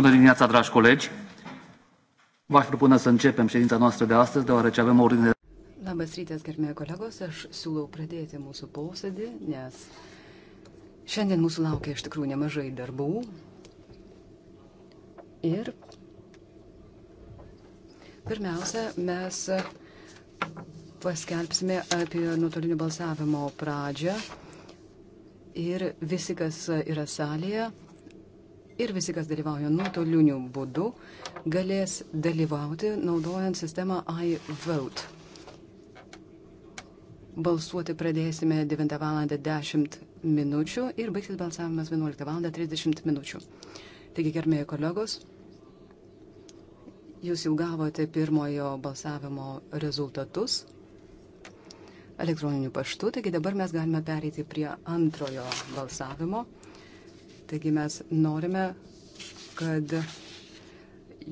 Bună dimineața, dragi colegi! V-aș propune să începem ședința noastră de astăzi, deoarece avem o ordine. Labas rytas, gerbėjai kolegos, aš siūlau pradėti mūsų posėdį, nes šiandien mūsų laukia iš tikrųjų nemažai darbų. Ir pirmiausia, mes paskelbsime apie nuotolinio balsavimo pradžią. Ir visi, kas yra salėje, ir visi, kas dalyvauja nuotoliniu būdu, galės dalyvauti naudojant sistemą iVote. Balsuoti pradėsime 9 val. 10 minučių ir baigsis balsavimas 11 val. 30 minučių. Taigi, gerbėjai kolegos, jūs jau gavote pirmojo balsavimo rezultatus elektroniniu paštu, taigi dabar mes galime pereiti prie antrojo balsavimo. Taigi mes norime, kad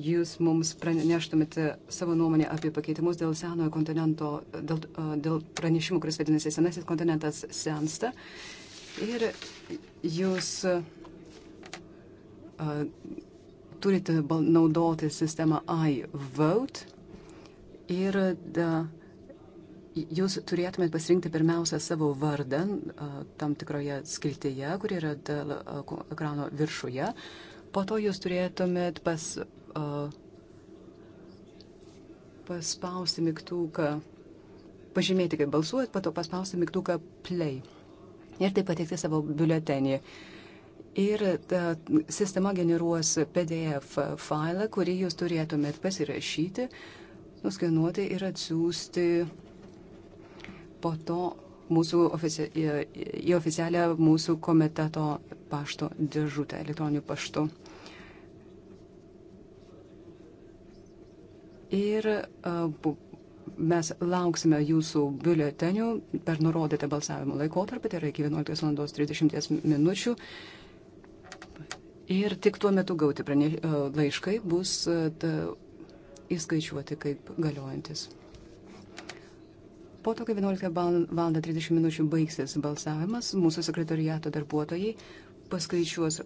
jūs mums praneštumėte savo nuomonę apie pakeitimus dėl senojo kontinento, dėl, dėl pranešimų, kuris vadinasi Senasis kontinentas sensta. Ir jūs uh, turite naudoti sistemą iVote ir da, uh, jūs turėtumėt pasirinkti pirmiausia savo vardą tam tikroje skiltyje, kur yra ekrano viršuje. Po to jūs turėtumėt pas, paspausti mygtuką, pažymėti, kaip balsuojat, po to paspausti mygtuką play ir taip pateikti savo biuletenį. Ir ta sistema generuos PDF failą, kurį jūs turėtumėt pasirašyti, nuskenuoti ir atsiųsti uh, po to mūsų ofici į oficialią mūsų komiteto pašto dėžutę elektroniniu paštu. Ir mes lauksime jūsų biuletenių per nurodytą balsavimo laikotarpį, tai yra iki 11.30 minučių. Ir tik tuo metu gauti prane, laiškai bus įskaičiuoti kaip galiojantis. Po to, kai 11 val. 30 minučių baigsis balsavimas, mūsų sekretariato darbuotojai paskaičiuos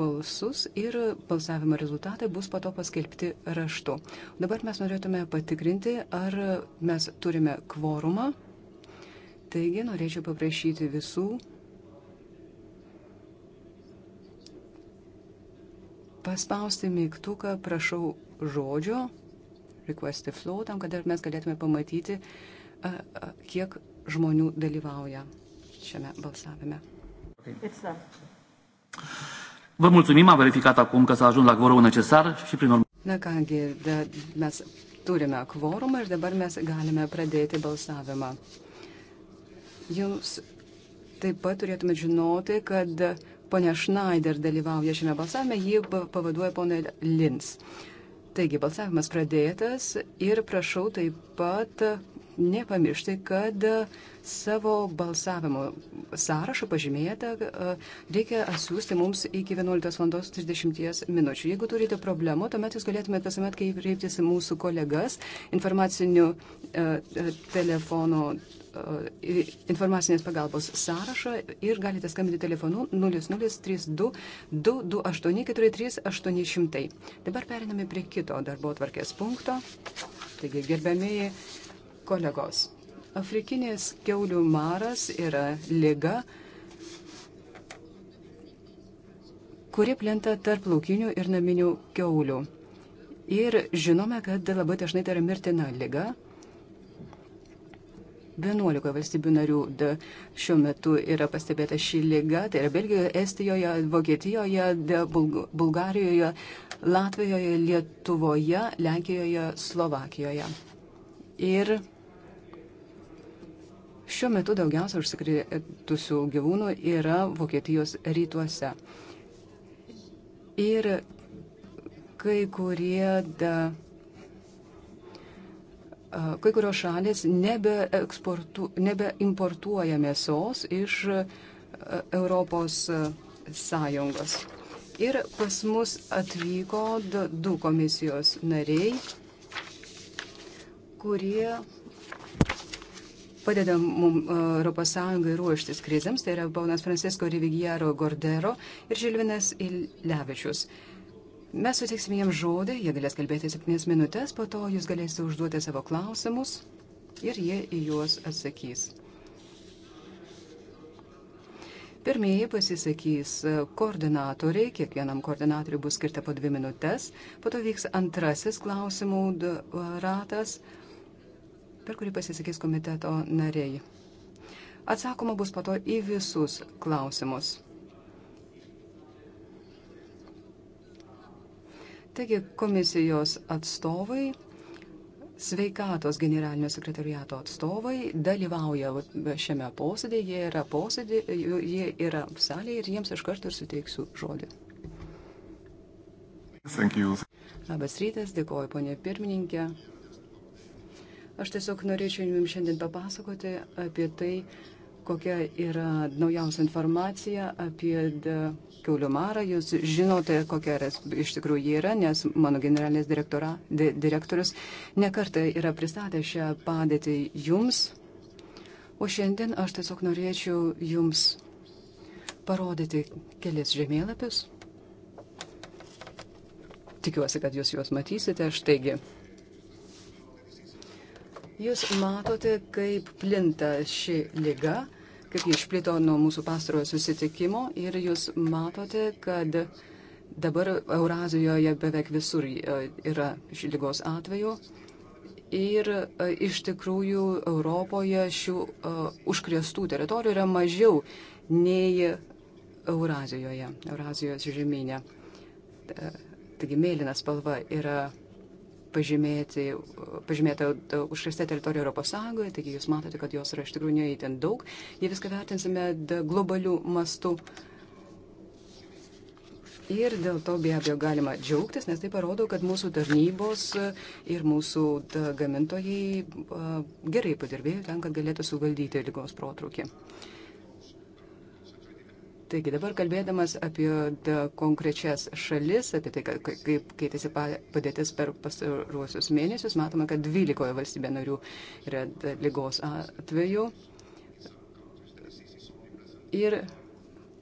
balsus ir balsavimo rezultatai bus pato paskelbti raštu. Dabar mes norėtume patikrinti, ar mes turime kvorumą. Taigi norėčiau paprašyti visų paspausti mygtuką, prašau žodžio, request the flow, tam, kad mes galėtume pamatyti, uh, kiek žmonių dalyvauja šiame balsavime. Vă mulțumim, am verificat acum că s-a ajuns la quorumul necesar și prin urmă. Na kągi, da, mes turime kvorumą ir dabar mes galime pradėti balsavimą. Jums taip pat turėtumėt žinoti, kad ponia Schneider dalyvauja šiame balsavime, ji pavaduoja ponia Lins. Taigi balsavimas pradėtas ir prašau taip pat nepamiršti, kad e, savo balsavimo sąrašą pažymėtą e, reikia atsiųsti mums iki 11.30 minučių. Jeigu turite problemų, tuomet jūs galėtumėte visuomet kreiptis į mūsų kolegas informacinių e, telefonų informacinės pagalbos sąrašą ir galite skambinti telefonu 0032 228 800. Dabar periname prie kito darbo tvarkės punkto. Taigi, gerbėmėjai, kolegos. Afrikinės keulių maras yra lyga, kuri plinta tarp laukinių ir naminių keulių. Ir žinome, kad labai dažnai tai yra mirtina lyga. 11 valstybių narių šiuo metu yra pastebėta ši lyga. Tai yra Belgijoje, Estijoje, Vokietijoje, Bulgarijoje, Latvijoje, Lietuvoje, Lenkijoje, Slovakijoje. Ir Šiuo metu daugiausia užsikrėtusių gyvūnų yra Vokietijos rytuose. Ir kai kurie da, kai kurios šalis nebeimportuoja nebe mėsos iš Europos Sąjungos. Ir pas mus atvyko du komisijos nariai, kurie padeda mums e, Europos Sąjungai ruoštis krizėms, tai yra Bonas Francisko Rivigiero Gordero ir Žilvinas Ilevičius. Mes sutiksime jiems žodį, jie galės kalbėti septynės minutės, po to jūs galėsite užduoti savo klausimus ir jie į juos atsakys. Pirmieji pasisakys e, koordinatoriai, kiekvienam koordinatoriui bus skirta po dvi minutės, po to vyks antrasis klausimų ratas. Uh, per kurį pasisakys komiteto nariai. Atsakoma bus pato į visus klausimus. Taigi komisijos atstovai, sveikatos generalinio sekretariato atstovai dalyvauja šiame posėdėje, jie yra posėdė, jie yra salėje ir jiems iš karto ir suteiksiu žodį. Labas rytas, dėkoju ponė pirmininkė. Aš tiesiog norėčiau jums šiandien papasakoti apie tai, kokia yra naujausia informacija apie e, kiaulių marą. Jūs žinote, kokia yra, iš tikrųjų jie yra, nes mano generalinis di, direktorius nekartą yra pristatęs šią padėtį jums. O šiandien aš tiesiog norėčiau jums parodyti kelias žemėlapius. Tikiuosi, kad jūs juos matysite. Aš taigi Jūs matote, kaip plinta ši lyga, kaip ji išplito nuo mūsų pastarojo susitikimo ir jūs matote, kad dabar Eurazijoje beveik visur e, yra ši lygos atveju. Ir e, iš tikrųjų Europoje šių uh, e, užkriestų teritorijų yra mažiau nei Eurazijoje, Eurazijos žemynė. Taigi mėlyna spalva yra pažymėta užkrista teritorija Europos Sąjungoje, taigi jūs matote, kad jos yra iš tikrųjų neįtin daug. Jie viską vertinsime globalių mastų. Ir dėl to be abejo galima džiaugtis, nes tai parodo, kad mūsų tarnybos e, ir mūsų gamintojai e, gerai padirbėjo ten, kad galėtų suvaldyti lygos protrukį. Taigi dabar kalbėdamas apie konkrečias šalis, apie tai, kaip keitėsi padėtis per pastaruosius mėnesius, matome, kad 12 valstybė narių yra lygos atveju. Ir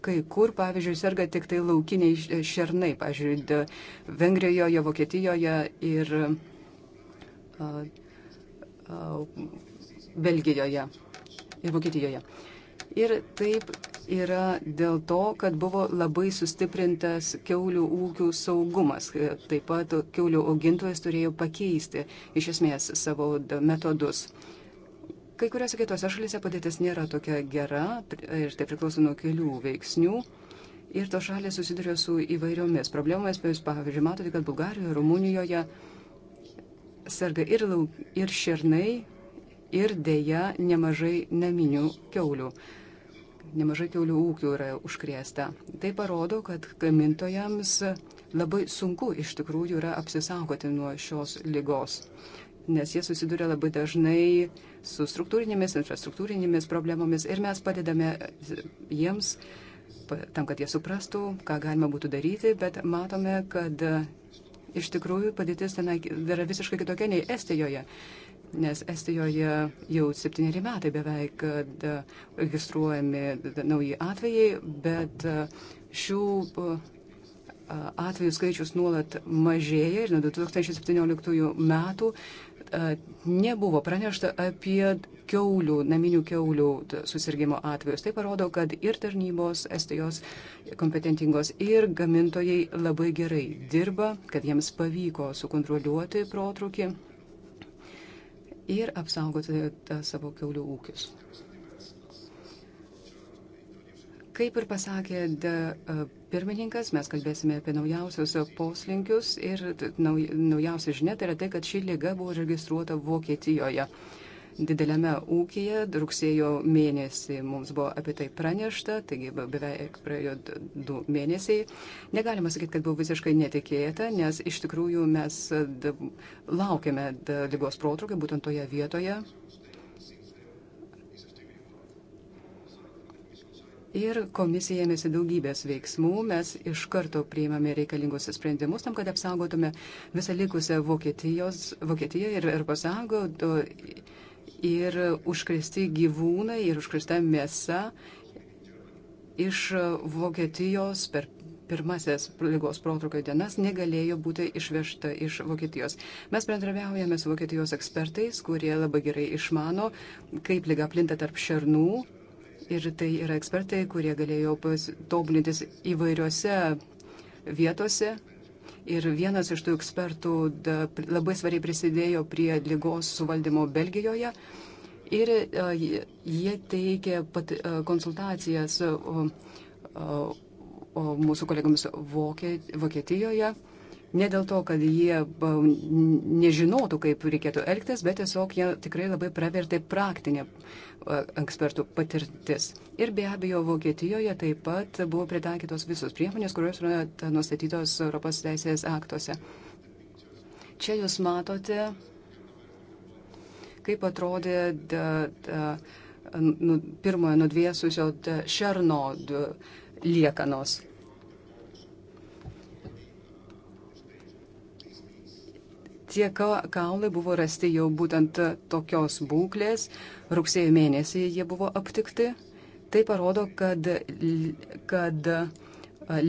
kai kur, pavyzdžiui, serga tik tai laukiniai šernai, pavyzdžiui, Vengrijoje, Vokietijoje ir uh, uh, Belgijoje ir Vokietijoje. Ir taip yra dėl to, kad buvo labai sustiprintas keulių ūkių saugumas. Taip pat keulių augintojas turėjo pakeisti iš esmės savo metodus. Kai kuriuose kitose šalyse padėtis nėra tokia gera ir tai priklauso nuo kelių veiksnių. Ir to šalės susiduria su įvairiomis problemomis. Pavyzdžiui, matote, kad Bulgarijoje, Rumunijoje serga ir, lauk, ir šernai, ir dėja nemažai naminių keulių nemažai kiaulių ūkių yra užkrėsta. Tai parodo, kad gamintojams labai sunku iš tikrųjų yra apsisaugoti nuo šios lygos, nes jie susiduria labai dažnai su struktūrinėmis, infrastruktūrinėmis problemomis ir mes padedame jiems tam, kad jie suprastų, ką galima būtų daryti, bet matome, kad iš tikrųjų padėtis ten yra visiškai kitokia nei Estijoje nes Estijoje jau septyneri metai beveik, kad registruojami nauji atvejai, bet šių atvejų skaičius nuolat mažėja ir nuo 2017 metų nebuvo pranešta apie keulių, naminių keulių susirgymo atvejus. Tai parodo, kad ir tarnybos Estijos kompetentingos ir gamintojai labai gerai dirba, kad jiems pavyko sukontroliuoti protrukį ir apsaugoti savo keulių ūkius. Kaip ir pasakė de, pirmininkas, mes kalbėsime apie naujausius poslinkius ir nauj, naujausia žinia tai yra tai, kad ši lyga buvo registruota Vokietijoje dideliame ūkija. Rugsėjo mėnesį mums buvo apie tai pranešta, taigi beveik praėjo du mėnesiai. Negalima sakyti, kad buvo visiškai netikėta, nes iš tikrųjų mes e, laukiame lygos protrukio būtent toje vietoje. Ir komisija ėmėsi daugybės veiksmų, mes iš karto priimame reikalingus sprendimus tam, kad apsaugotume visą likusią Vokietijos, Vokietiją ir Europos Sąjungą ir užkristi gyvūnai ir užkrista mėsa iš Vokietijos per pirmasis lygos protrukio dienas negalėjo būti išvežta iš Vokietijos. Mes bendraviaujame su Vokietijos ekspertais, kurie labai gerai išmano, kaip lyga plinta tarp šernų. Ir tai yra ekspertai, kurie galėjo tobulintis įvairiose vietose. Ir vienas iš tų ekspertų da, labai svariai prisidėjo prie lygos suvaldymo Belgijoje. Ir uh, jie teikė pat, uh, konsultacijas uh, uh, mūsų kolegams Vokietijoje. Ne dėl to, kad jie nežinotų, kaip reikėtų elgtis, bet tiesiog jie tikrai labai pravertė praktinė ekspertų patirtis. Ir be abejo, Vokietijoje taip pat buvo pritaikytos visos priemonės, kurios yra nustatytos Europos teisės aktuose. Čia jūs matote, kaip atrodė da, da, nu, pirmojo nudvėsusio šerno liekanos. Tie kaulai buvo rasti jau būtent tokios būklės. Rugsėjo mėnesį jie buvo aptikti. Tai parodo, kad, kad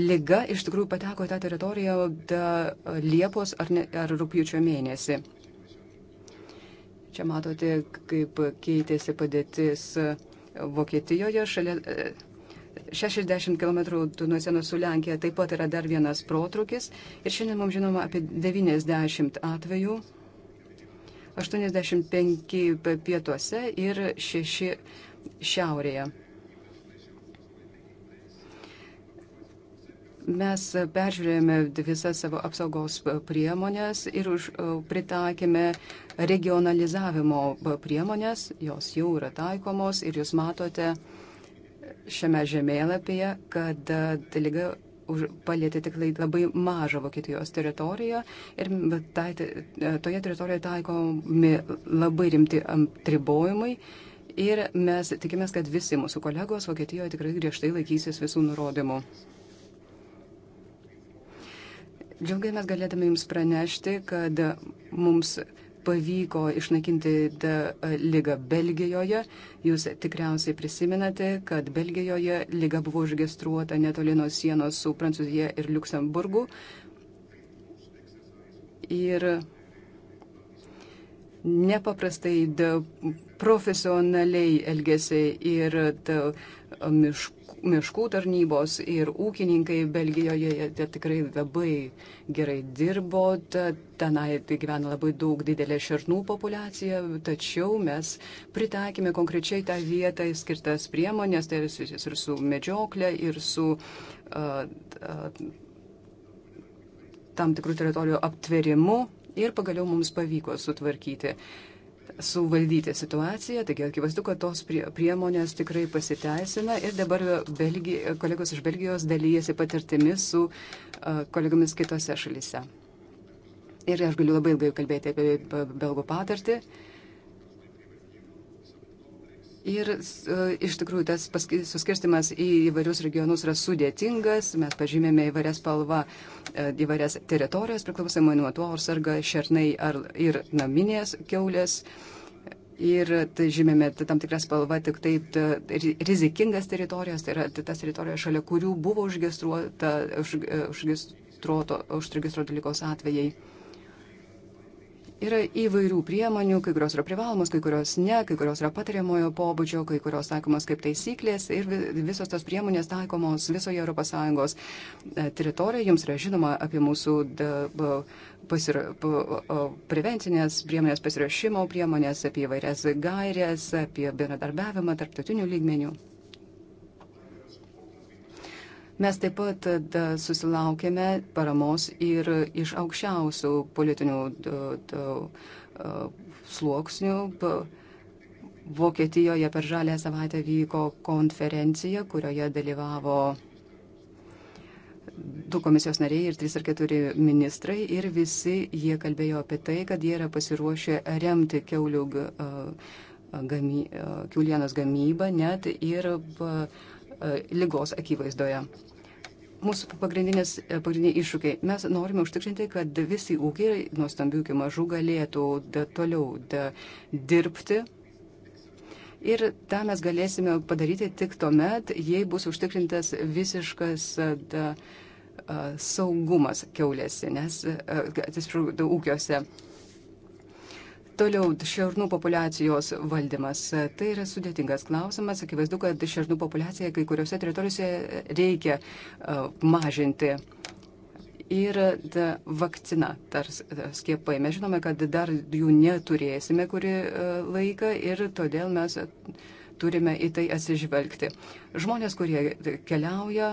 lyga iš tikrųjų pateko į tą teritoriją Liepos ar, ne, ar rūpjūčio mėnesį. Čia matote, kaip keitėsi padėtis Vokietijoje. Šalia, 60 km nuo sienos su Lenkija taip pat yra dar vienas protrukis ir šiandien mums žinoma apie 90 atvejų, 85 pietuose ir 6 šiaurėje. Mes peržiūrėjome visas savo apsaugos priemonės ir už, pritaikėme regionalizavimo priemonės, jos jau yra taikomos ir jūs matote, šiame žemėlapyje, kad e, lyga palėtė tik labai mažą Vokietijos teritoriją ir tai, e, toje teritorijoje taikomi labai rimti tribojimai. Ir mes tikimės, kad visi mūsų kolegos Vokietijoje tikrai griežtai laikysis visų nurodymų. Džiaugiamės galėdami Jums pranešti, kad mums pavyko išnaikinti e, lygą Belgijoje. Jūs tikriausiai prisiminate, kad Belgijoje lyga buvo užregistruota netoli nuo sienos su Prancūzija ir Luksemburgu. Ir nepaprastai profesionaliai elgėsi ir e, miškų miškų tarnybos ir ūkininkai Belgijoje tikrai labai gerai dirbo, tenai gyvena labai daug didelė šernų populiacija, tačiau mes pritaikėme konkrečiai tą vietą skirtas priemonės, tai ir su medžioklė, ir su uh, uh, tam tikrų teritorijų aptverimu ir pagaliau mums pavyko sutvarkyti suvaldyti situaciją, taigi akivaizdu, kad tos priemonės tikrai pasiteisina ir dabar Belgija, kolegos iš Belgijos dalyjasi patirtimis su kolegomis kitose šalyse. Ir aš galiu labai ilgai kalbėti apie belgų patirtį. Ir e, iš tikrųjų tas suskirstimas į įvairius regionus yra sudėtingas. Mes pažymėme įvairias spalvą, e, įvairias teritorijas, priklausomai nuo to, ar sarga šernai ar, ir naminės keulės. Ir tai žymėme tai tam tikras spalva, tik taip ta, tai rizikingas teritorijas, tai yra tai tas teritorijas, šalia kurių buvo užregistruota, už, e, užregistruoto, užregistruoto likos atvejai. Yra įvairių priemonių, kai kurios yra privalomos, kai kurios ne, kai kurios yra patariamojo pobūdžio, kai kurios taikomos kaip taisyklės ir visos tos priemonės taikomos visoje ES teritorijoje. Jums yra žinoma apie mūsų pasira, prevencinės priemonės, pasirašymo priemonės, apie įvairias gairias, apie bendradarbiavimą tarptautinių lygmenių. Mes taip pat e, da, susilaukėme paramos ir iš aukščiausių politinių da, da, e, sluoksnių. Da, Vokietijoje per žalę savaitę vyko konferencija, kurioje dalyvavo du komisijos nariai ir trys ar keturi ministrai ir visi jie kalbėjo apie tai, kad jie yra pasiruošę remti keulių e, gamy, kiaulienos gamybą net ir lygos akivaizdoje mūsų pagrindinės, e, pagrindiniai iššūkiai. Mes norime užtikrinti, kad visi ūkiai, nuo stambių iki mažų, galėtų da, toliau da, dirbti. Ir tą mes galėsime padaryti tik tuomet, jei bus užtikrintas visiškas e, da, e, saugumas keulėse, nes, atsiprašau, ūkiuose. Toliau, šernų populacijos valdymas. Tai yra sudėtingas klausimas. Akivaizdu, kad šernų populaciją kai kuriuose teritorijose reikia e, mažinti. Ir e, vakcina, tars e, skiepai. Mes žinome, kad dar jų neturėsime kurį laiką ir todėl mes turime į tai atsižvelgti. Žmonės, kurie keliauja,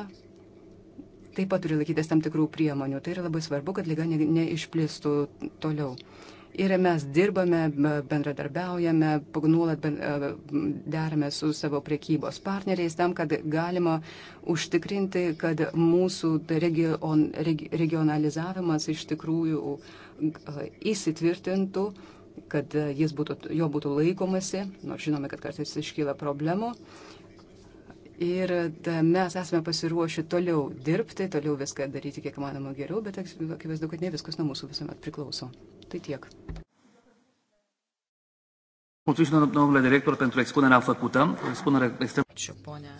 taip pat turi laikytis tam tikrų priemonių. Tai yra labai svarbu, kad lyga neišplistų toliau. Ir mes dirbame, bendradarbiaujame, nuolat e, derame su savo priekybos partneriais tam, kad galima užtikrinti, kad mūsų region, regionalizavimas iš tikrųjų e, įsitvirtintų kad jis būtų, jo būtų laikomasi, nors žinome, kad kartais iškyla problemų. Ir mes esame pasiruošę toliau dirbti, toliau viską daryti kiek manoma geriau, bet akivaizdu, kad ne viskas nuo mūsų visuomet priklauso. Tai tiek. Mulțumim, domnule director, pentru expunerea făcută. O expunere extrem. Ačiū, ponė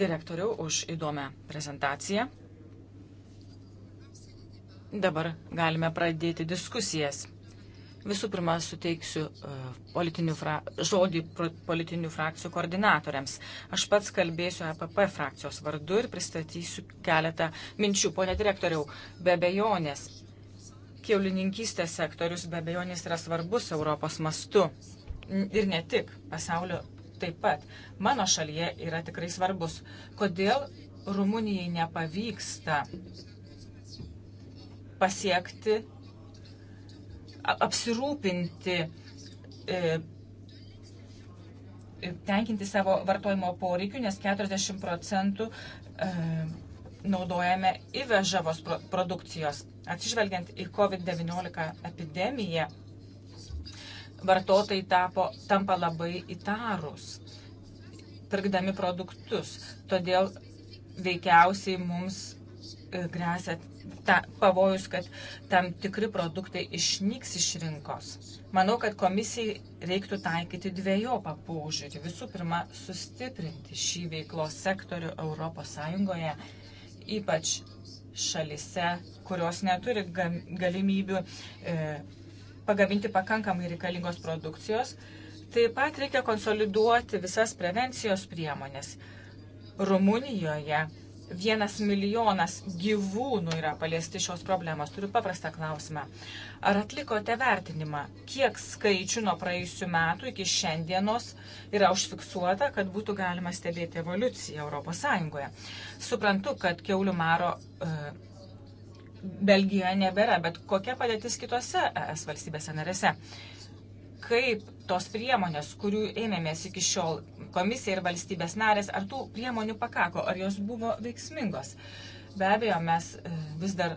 direktoriau, už įdomią prezentaciją. Dabar galime pradėti diskusijas. Visų pirma, suteiksiu e, politinių fra... žodį politinių frakcijų koordinatoriams. Aš pats kalbėsiu APP frakcijos vardu ir pristatysiu keletą minčių. Pone direktoriau, be bejonės, kiaulininkystės sektorius be bejonės yra svarbus Europos mastu. Ir ne tik, pasaulio taip pat. Mano šalyje yra tikrai svarbus. Kodėl Rumunijai nepavyksta pasiekti apsirūpinti, e, e, tenkinti savo vartojimo poreikių, nes 40 procentų e, naudojame įvežavos produkcijos. Atsižvelgiant į COVID-19 epidemiją, vartotojai tapo, tampa labai įtarus, pirkdami produktus. Todėl veikiausiai mums grėsia ta, pavojus, kad tam tikri produktai išnyks iš rinkos. Manau, kad komisijai reiktų taikyti dviejopą paužiūrį. Visų pirma, sustiprinti šį veiklos sektorių ES, ypač šalise, kurios neturi galimybių e, pagaminti pakankamai reikalingos produkcijos. Taip pat reikia konsoliduoti visas prevencijos priemonės. Rumunijoje vienas milijonas gyvūnų yra paliesti šios problemos. Turiu paprastą klausimą. Ar atlikote vertinimą, kiek skaičių nuo praėjusių metų iki šiandienos yra užfiksuota, kad būtų galima stebėti evoliuciją ES? Suprantu, kad keulių maro e, Belgijoje nebėra, bet kokia padėtis kitose ES valstybėse narėse? Kaip tos priemonės, kurių ėmėmės iki šiol komisija ir valstybės narės, ar tų priemonių pakako, ar jos buvo veiksmingos. Be abejo, mes e, vis dar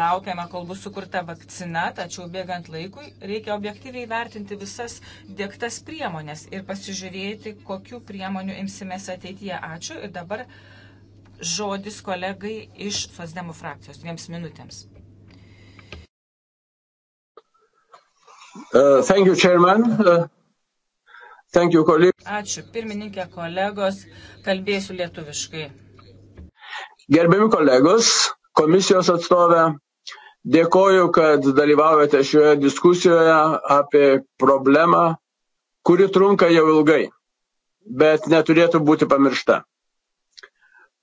laukiame, kol bus sukurta vakcina, tačiau bėgant laikui reikia objektyviai vertinti visas dėktas priemonės ir pasižiūrėti, kokiu priemonių imsimės ateityje. Ačiū ir dabar žodis kolegai iš Sosdemų frakcijos dviems minutėms. Uh, thank you, Chairman. Uh, thank you, colleagues. Ačiū, pirmininkė, kolegos. Kalbėsiu lietuviškai. Gerbiami kolegos, komisijos atstovė, dėkoju, kad dalyvaujate šioje diskusijoje apie problemą, kuri trunka jau ilgai, bet neturėtų būti pamiršta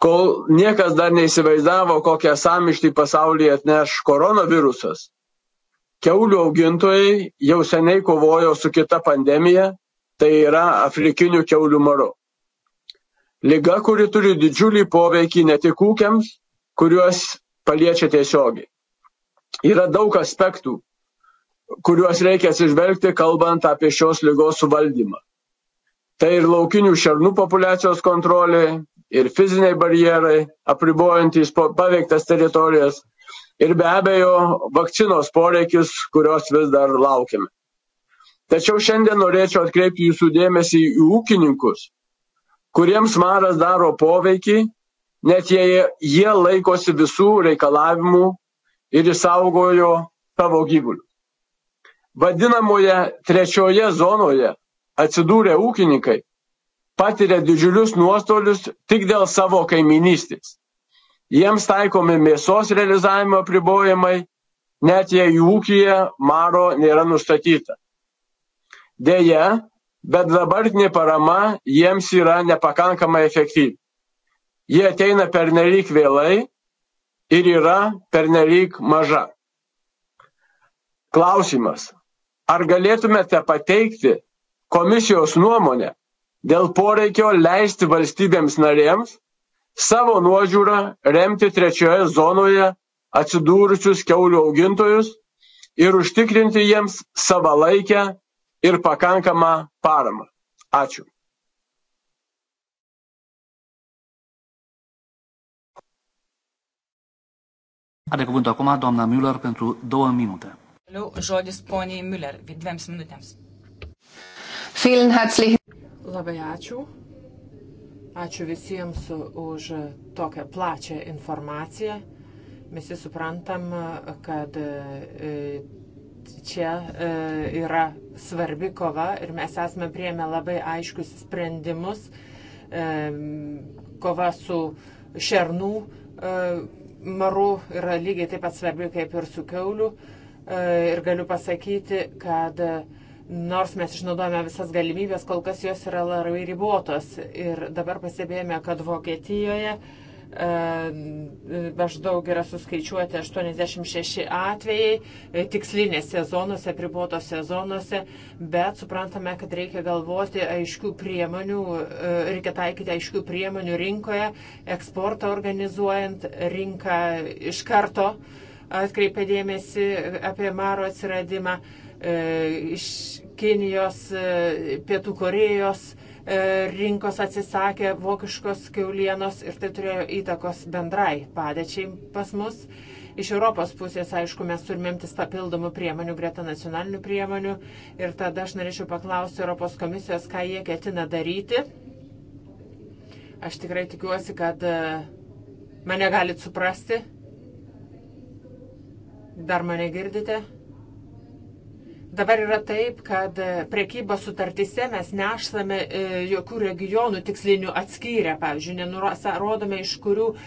kol niekas dar neįsivaizdavo, kokią samištį pasaulyje atneš koronavirusas, kiaulių augintojai jau seniai kovojo su kita pandemija, tai yra afrikiniu kiaulių maru. Liga, kuri turi didžiulį poveikį ne tik ūkiams, kuriuos paliečia tiesiogiai. Yra daug aspektų, kuriuos reikia atsižvelgti, kalbant apie šios lygos suvaldymą. Tai ir laukinių šernų populiacijos kontrolė, ir fiziniai barjerai, apribojantys paveiktas teritorijas, ir be abejo vakcinos poreikis, kurios vis dar laukiame. Tačiau šiandien norėčiau atkreipti jūsų dėmesį į ūkininkus, kuriems maras daro poveikį, net jei jie laikosi visų reikalavimų ir įsaugojo savo gyvulių. Vadinamoje trečioje zonoje atsidūrę ūkininkai patiria didžiulius nuostolius tik dėl savo kaiminystės jiems taikomi mėsos realizavimo apribojimai, net jei jų ūkija maro nėra nustatyta. Deja, bet dabartinė parama jiems yra nepakankamai efektyvi. Jie ateina pernelyg vėlai ir yra pernelyg maža. Klausimas. Ar galėtumėte pateikti komisijos nuomonę dėl poreikio leisti valstybėms narėms savo nuožiūra remti trečioje zonoje atsidūrusius kiaulių augintojus ir užtikrinti jiems savalaikę ir pakankamą paramą. Ačiū. Are cuvântul acum doamna Müller pentru două minute. Žodis poniai Müller, dviems minutėms. Vielen herzlichen. Labai ačiū. Ačiū visiems už tokią plačią informaciją. Visi suprantam, kad e, čia e, yra svarbi kova ir mes esame prieėmę labai aiškius sprendimus. E, kova su šernų maru yra lygiai taip pat svarbi kaip ir su keuliu. Ir galiu pasakyti, kad Nors mes išnaudojame visas galimybės, kol kas jos yra labai ribotos. Ir dabar pastebėjome, kad Vokietijoje e, maždaug yra suskaičiuoti 86 atvejai e, tikslinėse zonose, pribotose zonose, bet suprantame, kad reikia galvoti aiškių priemonių, e, reikia taikyti aiškių priemonių rinkoje, eksportą organizuojant, rinką iš karto atkreipia dėmesį apie maro atsiradimą. E, iš Kinijos, e, Pietų Korejos e, rinkos atsisakė vokiškos keulienos ir tai turėjo įtakos bendrai padėčiai pas mus. Iš Europos pusės, aišku, mes turime imtis papildomų priemonių greta nacionalinių priemonių ir tada aš norėčiau paklausti Europos komisijos, ką jie ketina daryti. Aš tikrai tikiuosi, kad mane galit suprasti. Dar mane girdite? Dabar yra taip, kad prekybos sutartyse mes nešame e, jokių regionų tikslinių atskyrę, pavyzdžiui, nenurodome, iš kurių e,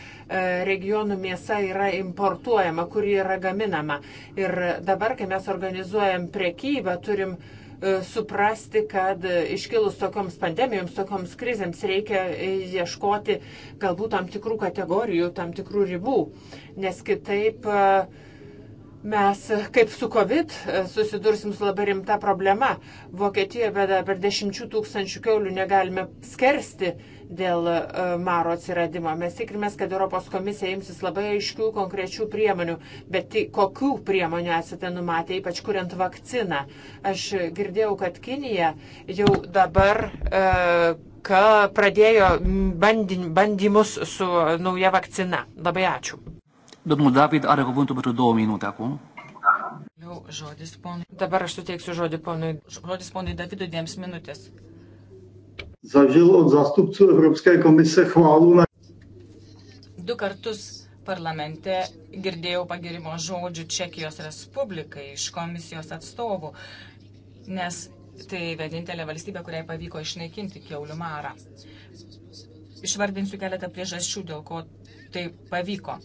regionų mėsa yra importuojama, kur ji yra gaminama. Ir dabar, kai mes organizuojam prekybą, turim e, suprasti, kad iškilus tokioms pandemijoms, tokioms krizėms reikia ieškoti galbūt tam tikrų kategorijų, tam tikrų ribų, nes kitaip uh, Mes kaip su COVID susidursim su labai rimta problema. Vokietijoje be dabar dešimčių tūkstančių keulių negalime skersti dėl e, maro atsiradimo. Mes tikrimės, kad Europos komisija imsis labai aiškių konkrečių priemonių, bet tai kokių priemonių esate numatę, ypač kuriant vakciną. Aš girdėjau, kad Kinija jau dabar e, pradėjo bandin, bandymus su nauja vakcina. Labai ačiū. Domnul David are cuvântul pentru două minute acum. Žodis ponui. Dabar aš suteiksiu žodį ponui, žodis ponui Davidui dviems minutės. Zažil od zastupcų Europskai komisija chvalų na. Du kartus parlamente girdėjau pagirimo žodžių Čekijos Respublikai iš komisijos atstovų, nes tai vienintelė valstybė, kuriai pavyko išnaikinti keulių marą. Išvardinsiu keletą priežasčių, dėl ko tai pavyko.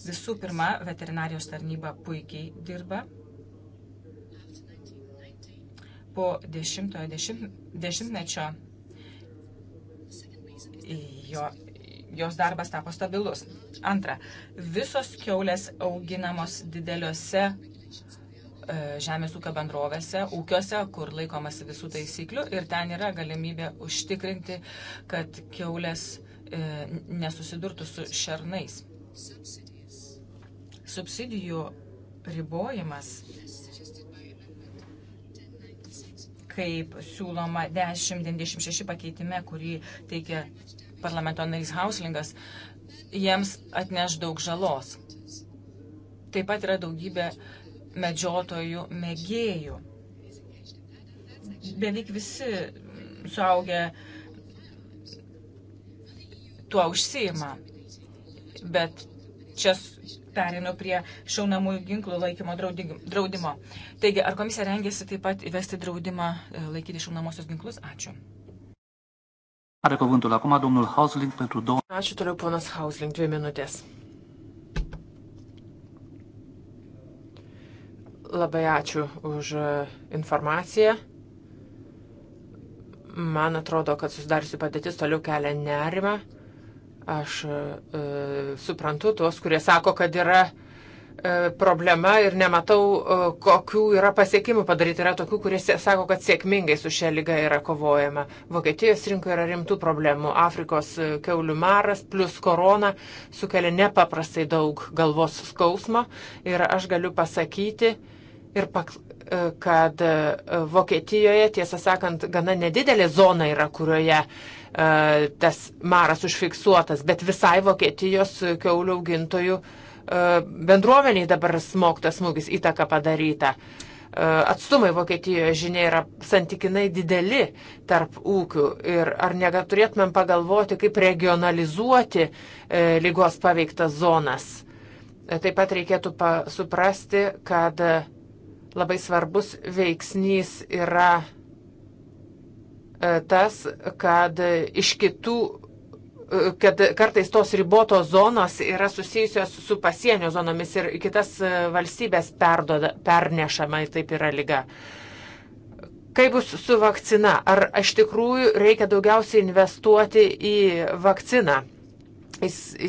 Visų pirma, veterinarijos tarnyba puikiai dirba. Po dešimtojo dešimt, dešimtmečio jo, jos darbas tapo stabilus. Antra, visos keulės auginamos dideliuose e, žemės ūkio bendrovėse, ūkiuose, kur laikomasi visų taisyklių ir ten yra galimybė užtikrinti, kad keulės E, nesusidurtų su šernais. Subsidijų ribojimas, kaip siūloma 1096 pakeitime, kurį teikia parlamento narys Hauslingas, jiems atneš daug žalos. Taip pat yra daugybė medžiotojų mėgėjų. Beveik visi suaugę uh, tuo užsijima. Bet čia perinu prie šaunamųjų ginklų laikymo draudimo. Taigi, ar komisija rengėsi taip pat įvesti draudimą e, laikyti šaunamosios ginklus? Ačiū. Are cuvântul acum domnul Hausling pentru două... Ačiū toliau ponas Hausling, dvi minutės. Labai ačiū už e, informaciją. Man atrodo, kad susidariusi padėtis toliau kelia nerimą. Aš e, suprantu tuos, kurie sako, kad yra e, problema ir nematau, e, kokių yra pasiekimų padaryti. Yra tokių, kurie sako, kad sėkmingai su šia lyga yra kovojama. Vokietijos rinkoje yra rimtų problemų. Afrikos e, keulių maras plus korona sukelia nepaprastai daug galvos skausmo. Ir aš galiu pasakyti ir paklausyti e, kad e, Vokietijoje, tiesą sakant, gana nedidelė zona yra, kurioje E, tas maras užfiksuotas, bet visai Vokietijos keulių augintojų e, bendruomeniai dabar smogtas smūgis įtaka padaryta. E, atstumai Vokietijoje, žinia, yra santykinai dideli tarp ūkių ir ar neturėtumėm pagalvoti, kaip regionalizuoti lygos paveiktas zonas. Taip pat reikėtų suprasti, kad labai svarbus veiksnys yra E, tas, kad iš kitų e, kad kartais tos ribotos zonos yra susijusios su pasienio zonomis ir kitas e, valstybės perdoda, pernešama, tai taip yra lyga. Kaip bus su vakcina? Ar iš tikrųjų reikia daugiausiai investuoti į vakciną? Į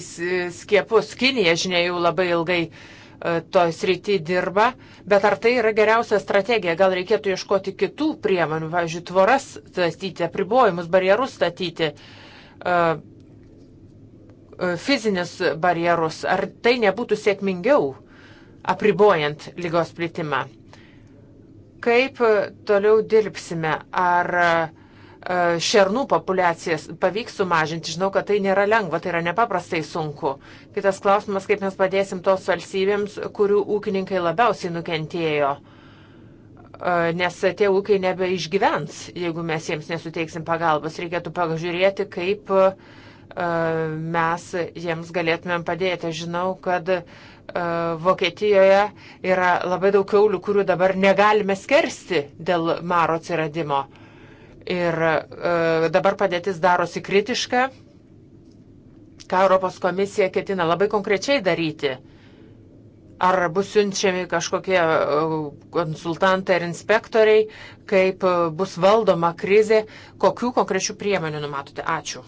skiepus Kinija, žinia, jau labai ilgai uh, E, toj srity dirba, bet ar tai yra geriausia strategija? Gal reikėtų ieškoti kitų priemonių, važiuoju, tvoras statyti, apribojimus, barjerus statyti, e, e, fizinius barjerus. Ar tai nebūtų sėkmingiau, apribojant lygos plitimą? Kaip toliau dirbsime? Ar E, šernų populiacijas pavyks sumažinti. Žinau, kad tai nėra lengva, tai yra nepaprastai sunku. Kitas klausimas, kaip mes padėsim tos valstybėms, kurių ūkininkai labiausiai nukentėjo. E, nes tie ūkiai nebeišgyvens, jeigu mes jiems nesuteiksim pagalbos. Reikėtų pažiūrėti, kaip e, mes jiems galėtumėm padėti. Žinau, kad Vokietijoje yra labai daug keulių, kurių dabar negalime skersti dėl maro atsiradimo. Ir e, dabar padėtis darosi kritiška. Ką Europos komisija ketina labai konkrečiai daryti? Ar bus siunčiami kažkokie e, konsultantai ar inspektoriai, kaip e, bus valdoma krizė, kokių konkrečių priemonių numatote? Ačiu.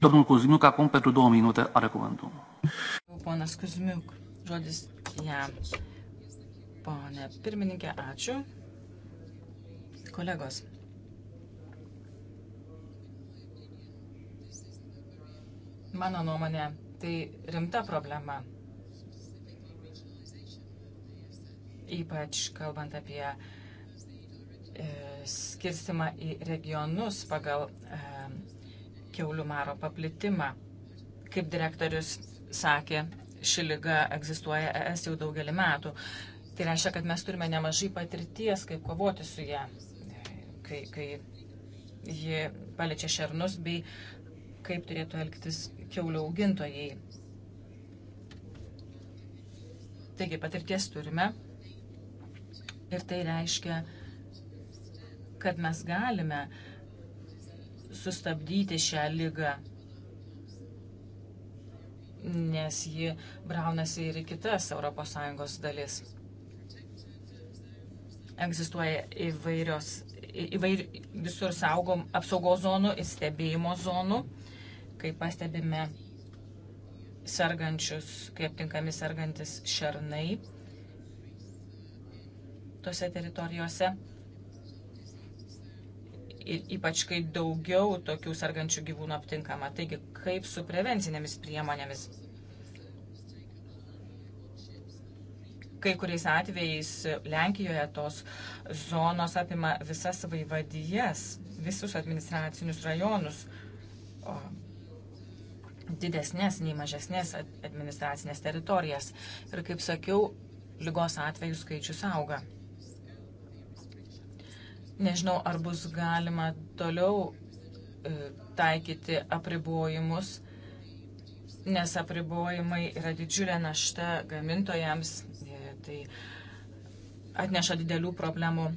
Domnul Kuzmiuk, acum pentru două minute are cuvântul. Ponas Kuzmiuk, žodis jam. Pone pirmininkė, ačiū. Kolegos, Mano nuomonė, tai rimta problema. Ypač kalbant apie e, skirstimą į regionus pagal e, keulių maro paplitimą. Kaip direktorius sakė, ši lyga egzistuoja ES jau daugelį metų. Tai reiškia, kad mes turime nemažai patirties, kaip kovoti su ją, kai, kai ji paliečia šernus, bei kaip turėtų elgtis keulių augintojai. Taigi patirties turime ir tai reiškia, kad mes galime sustabdyti šią lygą, nes ji braunasi ir į kitas ES dalis. Egzistuoja įvairios, įvair, visur saugom apsaugos zonų ir stebėjimo zonų kai pastebime sergančius, kai aptinkami sergantis šernai tose teritorijose. Ir ypač, kai daugiau tokių sergančių gyvūnų aptinkama. Taigi, kaip su prevencinėmis priemonėmis? Kai kuriais atvejais Lenkijoje tos zonos apima visas vaivadijas, visus administracinius rajonus. O didesnės nei mažesnės administracinės teritorijas. Ir kaip sakiau, lygos atvejų skaičius auga. Nežinau, ar bus galima toliau e, taikyti apribojimus, nes apribojimai yra didžiulė našta gamintojams, e, tai atneša didelių problemų,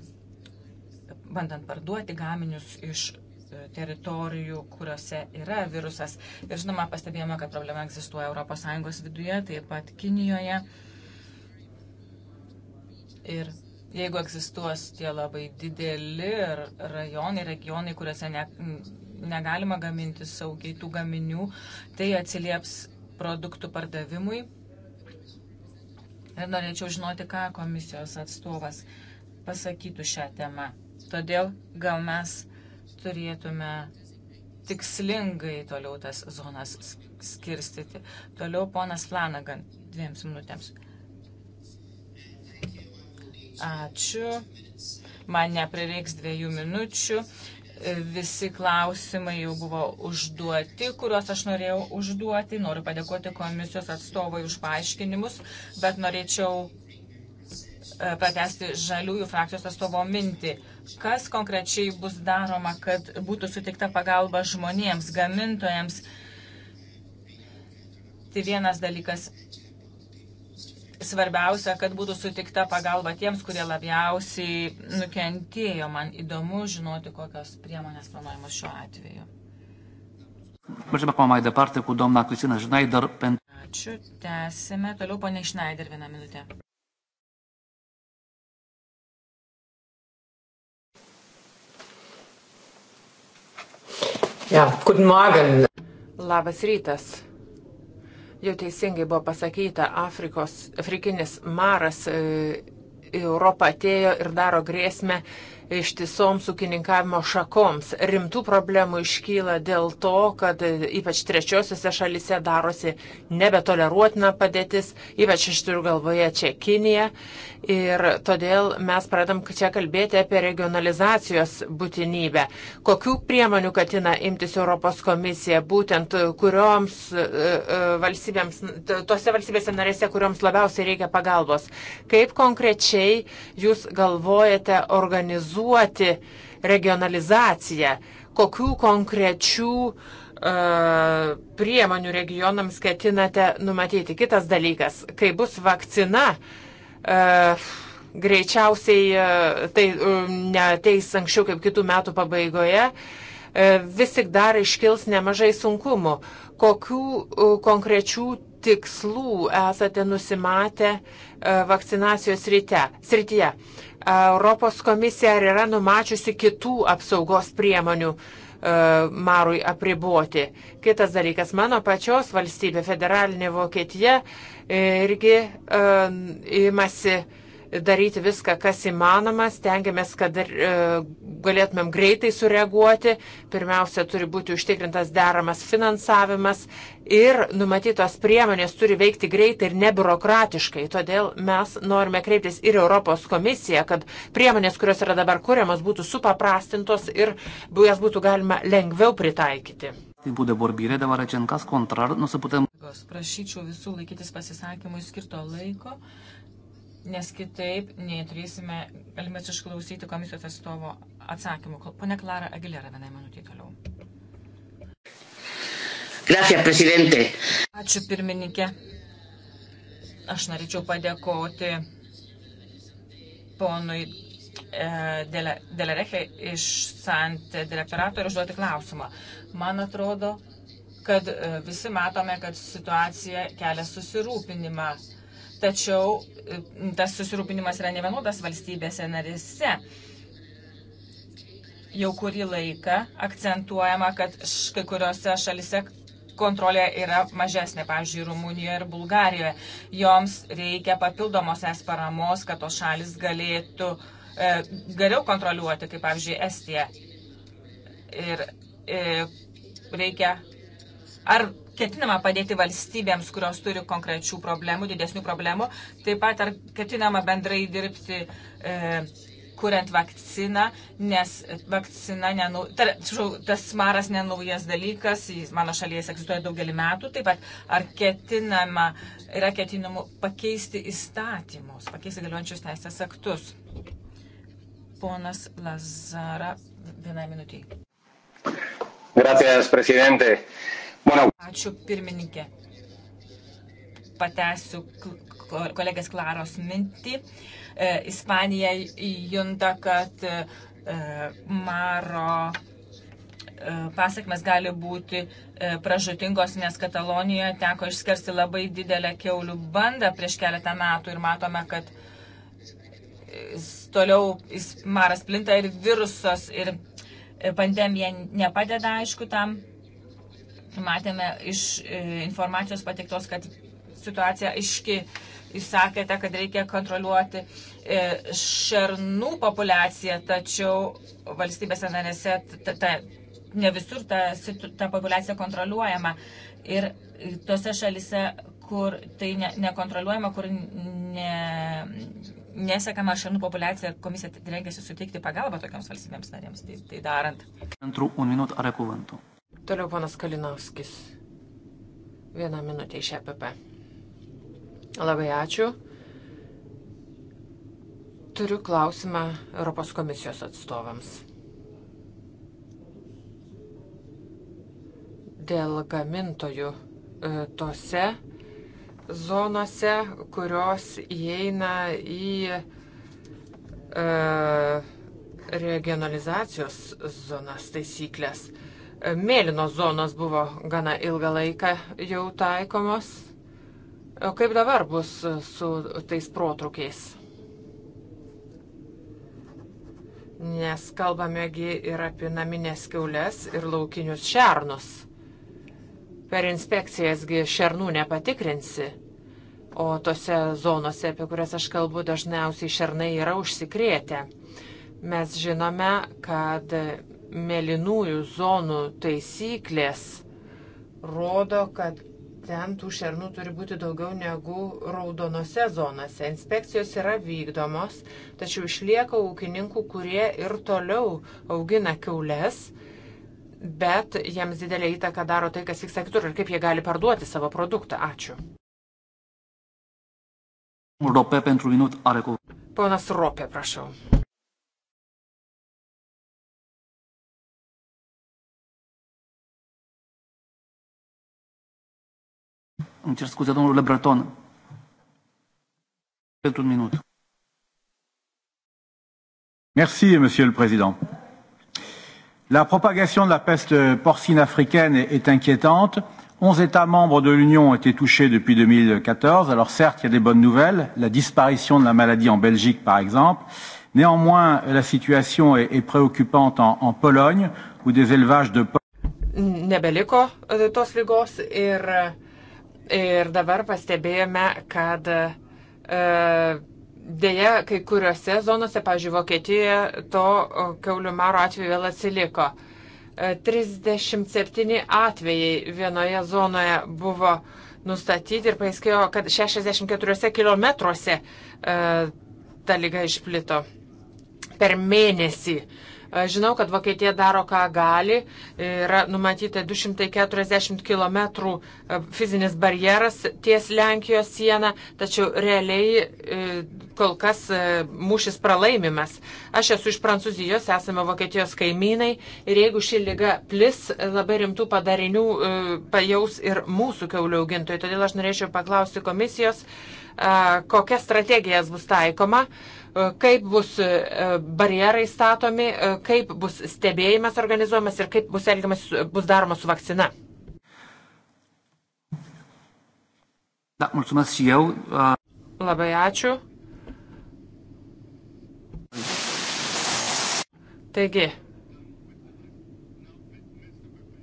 bandant parduoti gaminius iš teritorijų, kuriuose yra virusas. Ir žinoma, pastebėjome, kad problema egzistuoja ES viduje, taip pat Kinijoje. Ir jeigu egzistuos tie labai dideli rajonai, regionai, kuriuose ne, negalima gaminti saugiai tų gaminių, tai atsilieps produktų pardavimui. Ir norėčiau žinoti, ką komisijos atstovas pasakytų šią temą. Todėl gal mes turėtume tikslingai toliau tas zonas skirstyti. Toliau ponas Flanagan, dviems minutėms. Ačiū. Man neprireiks dviejų minučių. Visi klausimai jau buvo užduoti, kuriuos aš norėjau užduoti. Noriu padėkoti komisijos atstovai už paaiškinimus, bet norėčiau e, pratesti žaliųjų frakcijos atstovo mintį. Kas konkrečiai bus daroma, kad būtų sutikta pagalba žmonėms, gamintojams? Tai vienas dalykas. Svarbiausia, kad būtų sutikta pagalba tiems, kurie labiausiai nukentėjo. Man įdomu žinoti, kokios priemonės planuojamos šiuo atveju. Mergem acum mai departe cu doamna Cristina Schneider pentru... Ačiū, tęsime. Toliau ponia Schneider vieną minutę. Ja, guten Morgen. Labas rytas. Jau teisingai buvo pasakyta, Afrikos, afrikinis maras e, į Europą atėjo ir daro grėsmę ištisoms ūkininkavimo šakoms. Rimtų problemų iškyla dėl to, kad ypač trečiosiuose šalise darosi nebetoleruotina padėtis, ypač iš turiu galvoje čia Kinija. Ir todėl mes pradam čia kalbėti apie regionalizacijos būtinybę. Kokių priemonių katina imtis Europos komisija, būtent kurioms e, e, valstybėms, tose valstybėse narėse, kurioms labiausiai reikia pagalbos. Kaip konkrečiai jūs galvojate organizuoti finansuoti regionalizaciją, kokių konkrečių uh, priemonių regionams ketinate numatyti. Kitas dalykas, kai bus vakcina, uh, greičiausiai uh, tai neteis anksčiau kaip kitų metų pabaigoje, vis tik dar iškils nemažai sunkumų. Kokių konkrečių tikslų esate nusimatę vakcinacijos ryte, srityje. Europos komisija ar yra numačiusi kitų apsaugos priemonių e, marui apriboti. Kitas dalykas, mano pačios valstybė, federalinė Vokietija, irgi e, imasi uh, daryti viską, kas įmanoma, stengiamės, kad e, galėtumėm greitai sureaguoti. Pirmiausia, turi būti užtikrintas deramas finansavimas ir numatytos priemonės turi veikti greitai ir nebiurokratiškai. Todėl mes norime kreiptis ir Europos komisiją, kad priemonės, kurios yra dabar kuriamas, būtų supaprastintos ir jas būtų galima lengviau pritaikyti. Timpul de vorbire, deoarece în caz contrar nu se putem... Prašyčiau visų laikytis pasisakymui skirto laiko, nes kitaip neturėsime galimės išklausyti komisijos atstovo atsakymų. Pone Klara Agilera, vienai minutį toliau. Gracias, prezidente. Ačiū, pirmininkė. Aš norėčiau padėkoti ponui e, Delereche dele iš Sant direktorato ir užduoti klausimą. Man atrodo, kad e, visi matome, kad situacija kelia susirūpinimą. E, tačiau e, tas susirūpinimas yra nevienodas valstybėse narise. Jau kurį laiką akcentuojama, kad kai kuriuose šalise kontrolė yra mažesnė, pavyzdžiui, Rumunijoje ir Bulgarijoje. Joms reikia papildomos es paramos, kad tos šalis galėtų e, geriau kontroliuoti, kaip pavyzdžiui, Estija. Ir e, reikia ar ketinama padėti valstybėms, kurios turi konkrečių problemų, didesnių problemų. Taip pat ar ketinama bendrai dirbti, e, kuriant vakciną, nes vakcina, nenau, tar, tas maras nenaujas dalykas, jis mano šalyje egzistuoja daugelį metų. Taip pat ar ketinama, yra ketinama pakeisti įstatymus, pakeisti galiojančius teisės aktus. Ponas Lazara, vienai minutiai. Gracias, presidente. Eh, Ačiū pirmininkė. Patesiu kolegės Klaros mintį. E, Ispanija junta, kad e, maro e, pasakmes gali būti e, pražutingos, nes Katalonijoje teko išskersti labai didelę keulių bandą prieš keletą metų ir matome, kad e, toliau maras plinta ir virusas ir pandemija nepadeda, aišku, tam Matėme iš e, informacijos pateiktos, kad situacija aiški. Jūs sakėte, kad reikia kontroliuoti e, šernų populaciją, tačiau valstybėse narėse ta, ta, ne visur ta, ta populiacija kontroliuojama. Ir tose šalise, kur tai ne, nekontroliuojama, kur ne, nesekama šernų populiacija, komisija rengėsi suteikti pagalbą tokiams valstybėms narėms, tai, tai darant. Antrų un minut are cuvântul. Toliau ponas Kalinovskis. Vieną minutę iš EPP. Labai ačiū. Turiu klausimą Europos komisijos atstovams. Dėl gamintojų e, tose zonose, kurios įeina į e, regionalizacijos zonas taisyklės. Mėlynos zonos buvo gana ilgą laiką jau taikomos. O kaip dabar bus su tais protrukiais? Nes kalbamegi ir apie naminės kiaulės ir laukinius šernus. Per inspekcijasgi šernų nepatikrinsi. O tose zonose, apie kurias aš kalbu, dažniausiai šernai yra užsikrėtę. Mes žinome, kad mėlynųjų zonų taisyklės rodo, kad ten tų šernų turi būti daugiau negu raudonose zonose. Inspekcijos yra vykdomos, tačiau išlieka ūkininkų, kurie ir toliau augina keules, bet jiems didelį įtaką daro tai, kas vyksta kitur ir kaip jie gali parduoti savo produktą. Ačiū. Rope pentru minut are cuvânt. Ponas Rope, prašau. Îmi cer scuze, domnul Le Breton. Pentru un minut. Merci, Monsieur le Président. La propagation de la peste porcine africaine est inquiétante. Onze États membres de l'Union ont été touchés depuis 2014. Alors certes, il y a des bonnes nouvelles, la disparition de la maladie en Belgique par exemple. Néanmoins, la situation est, est préoccupante en, en Pologne, où des élevages de... Nebeliko tos lygos ir Ir dabar pastebėjome, kad e, dėja kai kuriuose zonose, pavyzdžiui, Vokietijoje, to e, keulių maro atveju vėl atsiliko. E, 37 atvejai vienoje zonoje buvo nustatyti ir paaiškėjo, kad 64 km e, ta lyga išplito per mėnesį. E, Aš žinau, kad Vokietija daro, ką gali. Yra numatyta 240 km e, fizinis barjeras ties Lenkijos sieną, tačiau realiai e, kol kas e, mūšis pralaimimas. Aš esu iš Prancūzijos, esame Vokietijos kaimynai ir jeigu ši lyga plis, labai rimtų padarinių pajaus ir mūsų keulių augintojai. Todėl aš norėčiau paklausti komisijos, kokias strategijas bus taikoma. Uh, E, kaip bus e, barjerai statomi, e, kaip bus stebėjimas organizuojamas ir kaip bus, elgiamas, bus daroma su vakcina. Da, mulțumesc și eu. Uh... Labai ačiū. Taigi,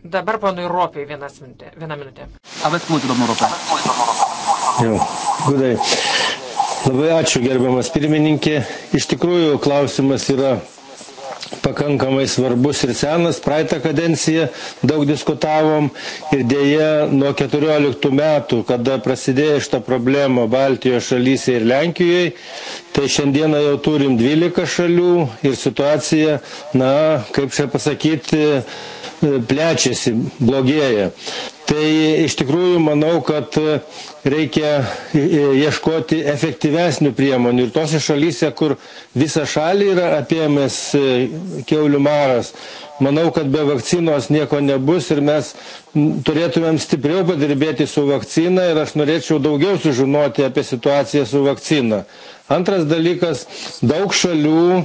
dabar ponui Ropiai vienas minutė, viena minutė. Aveți cuvântul, domnul Ropiai. Gudai. Labai ačiū gerbiamas pirmininkė. Iš tikrųjų, klausimas yra pakankamai svarbus ir senas. Praeitą kadenciją daug diskutavom ir dėje nuo 14 metų, kada prasidėjo šitą problemą Baltijos šalyse ir Lenkijoje, tai šiandieną jau turim 12 šalių ir situacija, na, kaip čia pasakyti, plečiasi, blogėja. Tai iš tikrųjų manau, kad e, reikia e, e, ieškoti efektyvesnių priemonių. Ir tose šalyse, kur visą šalį yra apėmęs keulių maras, manau, kad be vakcinos nieko nebus ir mes turėtumėm stipriau padirbėti su vakcina ir aš norėčiau daugiau sužinoti apie situaciją su vakcina. Antras dalykas, daug šalių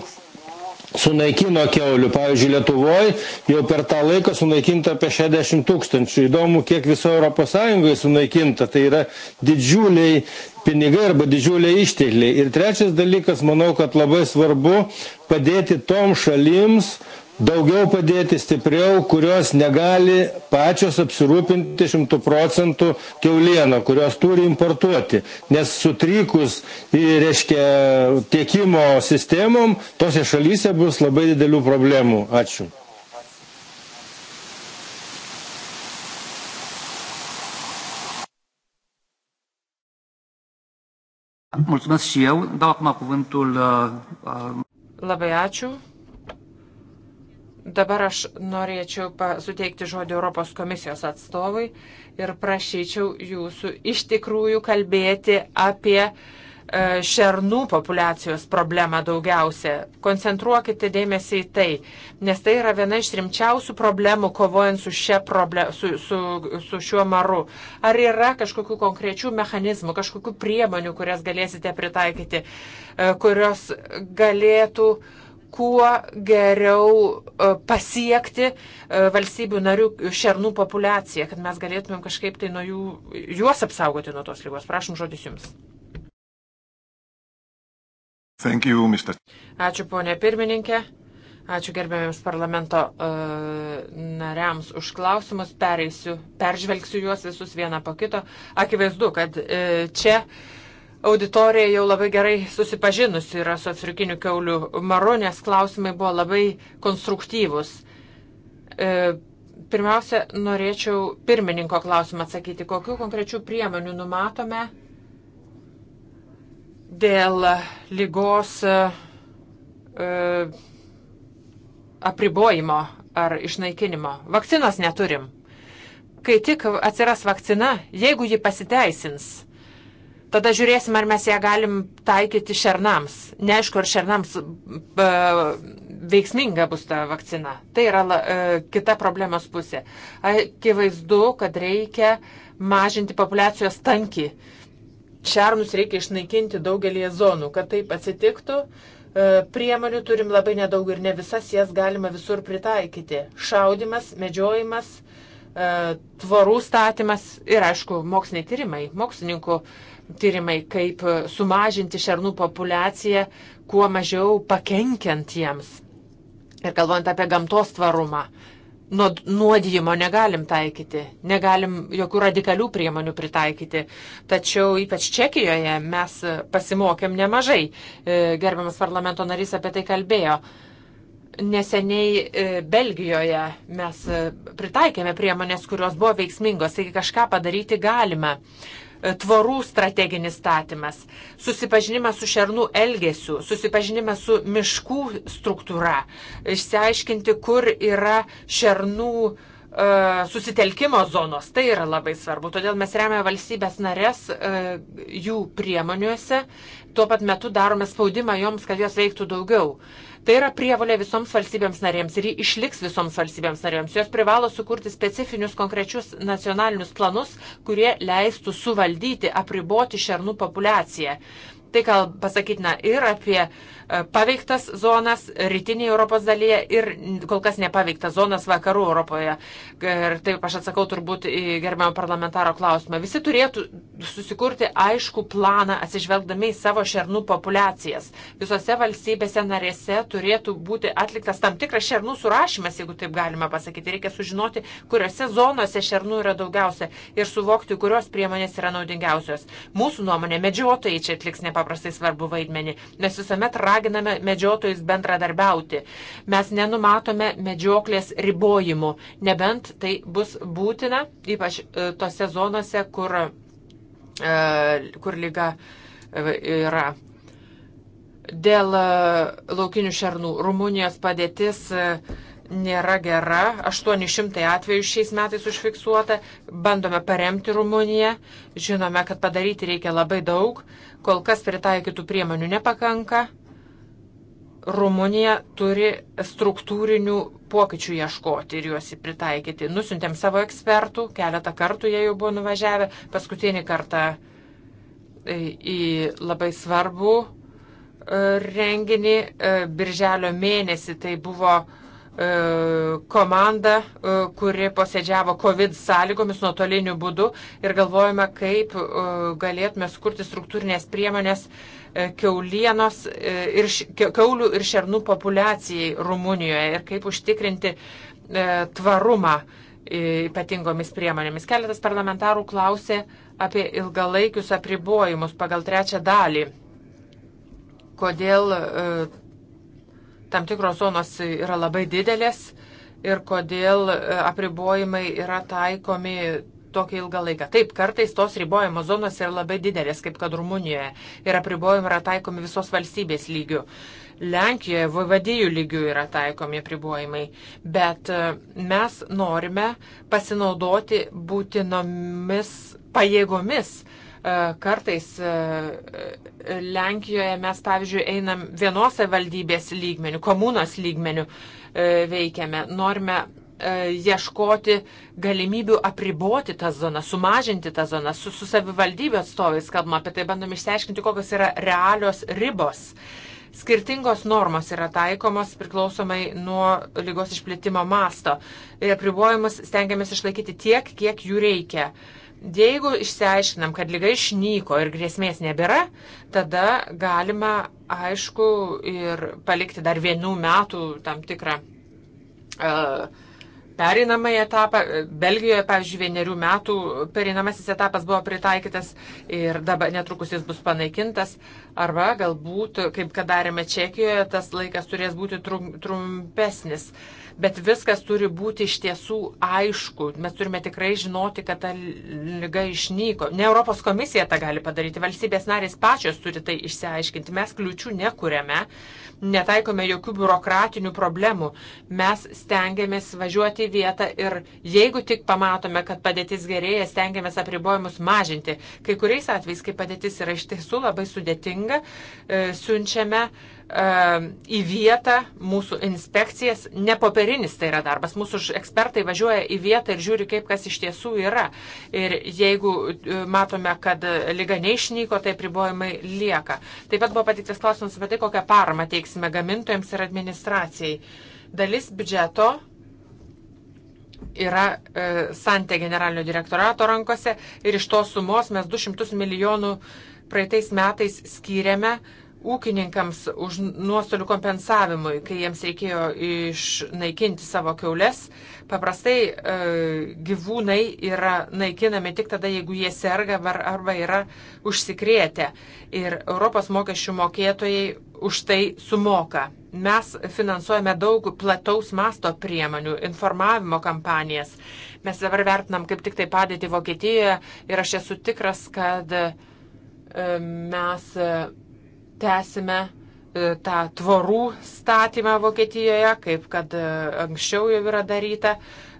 sunaikino keulių. Pavyzdžiui, Lietuvoje jau per tą laiką sunaikinta apie 60 tūkstančių. Įdomu, kiek viso ES sunaikinta. Tai yra didžiuliai pinigai arba didžiuliai ištekliai. Ir trečias dalykas, manau, kad labai svarbu padėti tom šalims, daugiau padėti stipriau kurios negali pačios apsirūpinti šimtu procentų kiauliena kurios turi importuoti nes sutrikus į reiškia tiekimo sistemom tose šalyse bus labai didelių problemų ačiū Mulțumesc și eu. Dau acum cuvântul. Uh, uh Labai ačiū. Dabar aš norėčiau suteikti žodį Europos komisijos atstovui ir prašyčiau jūsų iš tikrųjų kalbėti apie e, šernų populacijos problemą daugiausia. Koncentruokite dėmesį į tai, nes tai yra viena iš rimčiausių problemų kovojant su, problem, su, su, su šiuo maru. Ar yra kažkokių konkrečių mechanizmų, kažkokių priemonių, kurias galėsite pritaikyti, e, kurios galėtų uh, kuo geriau e, pasiekti e, valstybių narių šernų populaciją, kad mes galėtumėm kažkaip tai nuo jų, juos apsaugoti nuo tos lygos. Prašom žodis jums. Thank you, Mr. Ačiū, ponė pirmininkė. Ačiū gerbėmiams parlamento uh, nariams už klausimus. Pereisiu, peržvelgsiu juos visus vieną po kito. Akivaizdu, kad uh, čia uh, auditorija jau labai gerai susipažinusi yra su afrikiniu keuliu maru, nes klausimai buvo labai konstruktyvus. E, pirmiausia, norėčiau pirmininko klausimą atsakyti, kokiu konkrečiu priemoniu numatome dėl lygos e, e, apribojimo ar išnaikinimo. Vakcinos neturim. Kai tik atsiras vakcina, jeigu ji pasiteisins, Tada žiūrėsim, ar mes ją galim taikyti šernams. Neaišku, ar šernams e, veiksminga bus ta vakcina. Tai yra la, e, kita problemos pusė. Akivaizdu, kad reikia mažinti populiacijos tankį. Šernus reikia išnaikinti daugelį zonų. Kad taip atsitiktų, e, priemonių turim labai nedaug ir ne visas jas galima visur pritaikyti. Šaudimas, medžiojimas, tvarų statymas ir, aišku, moksliniai tyrimai, mokslininkų uh, tyrimai, kaip sumažinti šernų populaciją, kuo mažiau pakenkiant jiems. Ir kalbant apie gamtos tvarumą, nuodijimo negalim taikyti, negalim jokių radikalių priemonių pritaikyti. Tačiau ypač Čekijoje mes pasimokėm nemažai. E, gerbiamas parlamento narys apie tai kalbėjo. Neseniai e, Belgijoje mes e, pritaikėme priemonės, kurios buvo veiksmingos, taigi kažką padaryti galima tvarų strateginis statymas, susipažinimas su šernų elgesiu, susipažinimas su miškų struktūra, išsiaiškinti, kur yra šernų uh, susitelkimo zonos. Tai yra labai svarbu. Todėl mes remiame valstybės narės e, jų priemoniuose. Tuo pat metu darome spaudimą joms, kad jos veiktų daugiau. Tai yra prievalė visoms valstybėms narėms ir ji išliks visoms valstybėms narėms. Jos privalo sukurti specifinius konkrečius nacionalinius planus, kurie leistų suvaldyti, apriboti šernų populaciją. Tai gal pasakytina ir apie uh, E, paveiktas zonas rytinėje Europos dalyje ir kol kas nepaveiktas zonas vakarų Europoje. Ir taip aš atsakau turbūt į gerbiamą parlamentaro klausimą. Visi turėtų susikurti aišku planą atsižvelgdami į savo šernų populiacijas. Visose valstybėse narėse turėtų būti atliktas tam tikras šernų surašymas, jeigu taip galima pasakyti. Reikia sužinoti, kuriuose zonose šernų yra daugiausia ir suvokti, kurios priemonės yra naudingiausios. Mūsų nuomonė, medžiotojai čia atliks nepaprastai svarbu vaidmenį, nes visuomet ra raginame medžiotojus bendradarbiauti. Mes nenumatome medžioklės ribojimų, nebent tai bus būtina, ypač e, tose zonose, kur, e, kur lyga e, yra. Dėl laukinių šernų Rumunijos padėtis nėra gera. 800 atvejų šiais metais užfiksuota. Bandome paremti Rumuniją. Žinome, kad padaryti reikia labai daug. Kol kas pritaikytų priemonių nepakanka. Rumunija turi struktūrinių pokyčių ieškoti ir juos pritaikyti. Nusintėm savo ekspertų, keletą kartų jie jau buvo nuvažiavę, paskutinį kartą e, į labai svarbų e, renginį e, birželio mėnesį. Tai buvo komanda, kuri posėdžiavo COVID sąlygomis nuotoliniu būdu ir galvojame, kaip galėtume skurti struktūrinės priemonės uh, E, keulienos e, ir keulių ir šernų populiacijai Rumunijoje ir kaip užtikrinti e, tvarumą ypatingomis priemonėmis. Keletas parlamentarų klausė apie ilgalaikius apribojimus pagal trečią dalį. Kodėl tam tikros zonos yra labai didelės ir kodėl apribojimai yra taikomi tokį ilgą laiką. Taip, kartais tos ribojimo zonos yra labai didelės, kaip kad Rumunijoje, ir apribojimai yra taikomi visos valstybės lygių. Lenkijoje, vavadijų lygių yra taikomi apribojimai, bet e, mes norime pasinaudoti būtinomis pajėgomis. E, kartais e, Lenkijoje mes, pavyzdžiui, einam vienose valdybės lygmenių, komunos lygmenių veikiame. Norime E, ieškoti galimybių apriboti tą zoną, sumažinti tą zoną. Su, su savivaldybė atstovais kalbam apie tai, bandom išsiaiškinti, kokios yra realios ribos. Skirtingos normos yra taikomos priklausomai nuo lygos išplitimo masto ir apribojimus stengiamės išlaikyti tiek, kiek jų reikia. Jeigu išsiaiškinam, kad lyga išnyko ir grėsmės nebėra, tada galima, aišku, ir palikti dar vienų metų tam tikrą uh, pereinamąjį etapą. E, Belgijoje, pavyzdžiui, vienerių metų pereinamasis etapas buvo pritaikytas ir dabar netrukus jis bus panaikintas. Arba galbūt, kaip kad darėme Čekijoje, tas laikas turės būti trum, trumpesnis. Bet viskas turi būti iš tiesų aišku. Mes turime tikrai žinoti, kad ta lyga išnyko. Ne Europos komisija tą gali padaryti. Valstybės narės pačios turi tai išsiaiškinti. Mes kliučių nekūrėme netaikome jokių biurokratinių problemų. Mes stengiamės važiuoti į vietą ir jeigu tik pamatome, kad padėtis gerėja, stengiamės apribojimus mažinti. Kai kuriais atvejais, kai padėtis yra iš tiesų labai sudėtinga, e, siunčiame uh, į vietą mūsų inspekcijas. Ne popierinis tai yra darbas. Mūsų ekspertai važiuoja į vietą ir žiūri, kaip kas iš tiesų yra. Ir jeigu e, matome, kad lyga neišnyko, tai pribojimai lieka. Taip pat buvo patiktas klausimas apie tai, kokią paramą teiksime gamintojams ir administracijai. Dalis biudžeto yra e, Santė generalinio direktorato rankose ir iš tos sumos mes 200 milijonų praeitais metais skyrėme ūkininkams už nuostolių kompensavimui, kai jiems reikėjo išnaikinti savo keules. Paprastai e, gyvūnai yra naikinami tik tada, jeigu jie serga ar, arba yra užsikrėtę. Ir Europos mokesčių mokėtojai už tai sumoka. Mes finansuojame daug plataus masto priemonių, informavimo kampanijas. Mes dabar vertinam kaip tik tai padėti Vokietijoje ir aš esu tikras, kad e, mes tęsime e, tą tvorų statymą Vokietijoje, kaip kad e, anksčiau jau yra daryta.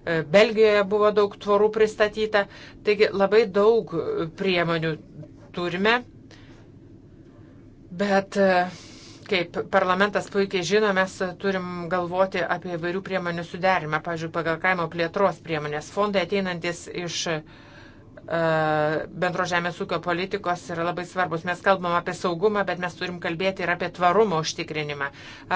E, Belgijoje buvo daug tvorų pristatyta. Taigi labai daug priemonių turime. Bet kaip parlamentas puikiai žino, mes turim galvoti apie įvairių priemonių suderimą. Pavyzdžiui, pagal kaimo plėtros priemonės fondai ateinantis iš uh, E, bendro žemės ūkio politikos yra labai svarbus. Mes kalbam apie saugumą, bet mes turim kalbėti ir apie tvarumo užtikrinimą.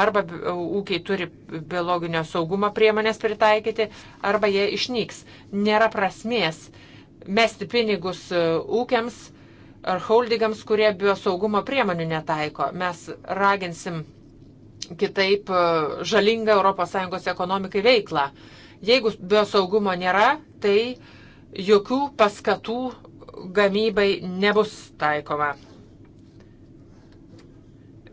Arba e, ūkiai turi biologinio saugumo priemonės pritaikyti, arba jie išnyks. Nėra prasmės mesti pinigus e, ūkiams ar holdingams, kurie biosaugumo priemonių netaiko. Mes raginsim kitaip žalingą ES ekonomikai veiklą. Jeigu biosaugumo nėra, tai uh, jokių paskatų gamybai nebus taikoma.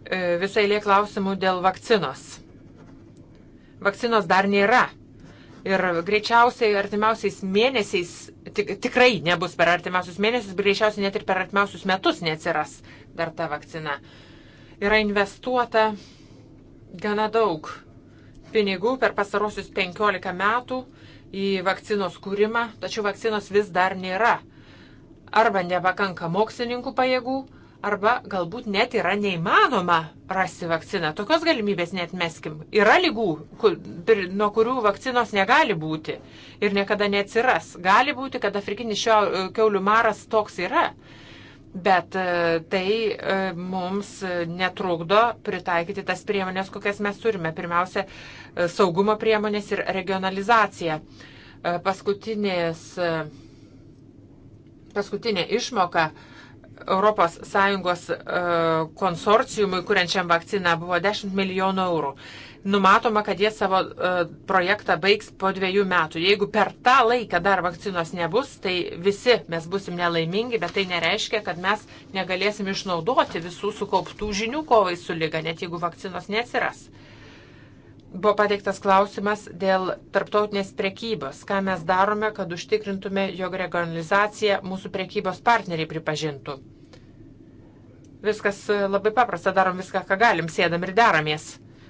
E, Visai lie klausimų dėl vakcinos. Vakcinos dar nėra. Ir greičiausiai artimiausiais mėnesiais, tik, tikrai nebus per artimiausius mėnesius, greičiausiai net ir per artimiausius metus neatsiras dar ta vakcina. Yra investuota gana daug pinigų per pastarosius 15 metų į vakcinos kūrimą, tačiau vakcinos vis dar nėra. Arba nepakanka mokslininkų pajėgų, arba galbūt net yra neįmanoma rasti vakciną. Tokios galimybės net meskim. Yra lygų, kur, nuo kurių vakcinos negali būti ir niekada neatsiras. Gali būti, kad afrikinis šio keulių maras toks yra. Bet e, tai e, mums e, netrukdo pritaikyti tas priemonės, kokias mes turime. Pirmiausia, saugumo priemonės ir regionalizacija. Paskutinės, paskutinė išmoka ES konsorciumui, kuriančiam vakciną, buvo 10 milijonų eurų numatoma, kad jie savo e, projektą baigs po dviejų metų. Jeigu per tą laiką dar vakcinos nebus, tai visi mes busim nelaimingi, bet tai nereiškia, kad mes negalėsim išnaudoti visų sukauptų žinių kovai su lyga, net jeigu vakcinos nesiras. Buvo pateiktas klausimas dėl tarptautinės prekybos. Ką mes darome, kad užtikrintume, jog regionalizacija mūsų prekybos partneriai pripažintų? Viskas e, labai paprasta, darom viską, ką galim, sėdam ir deramės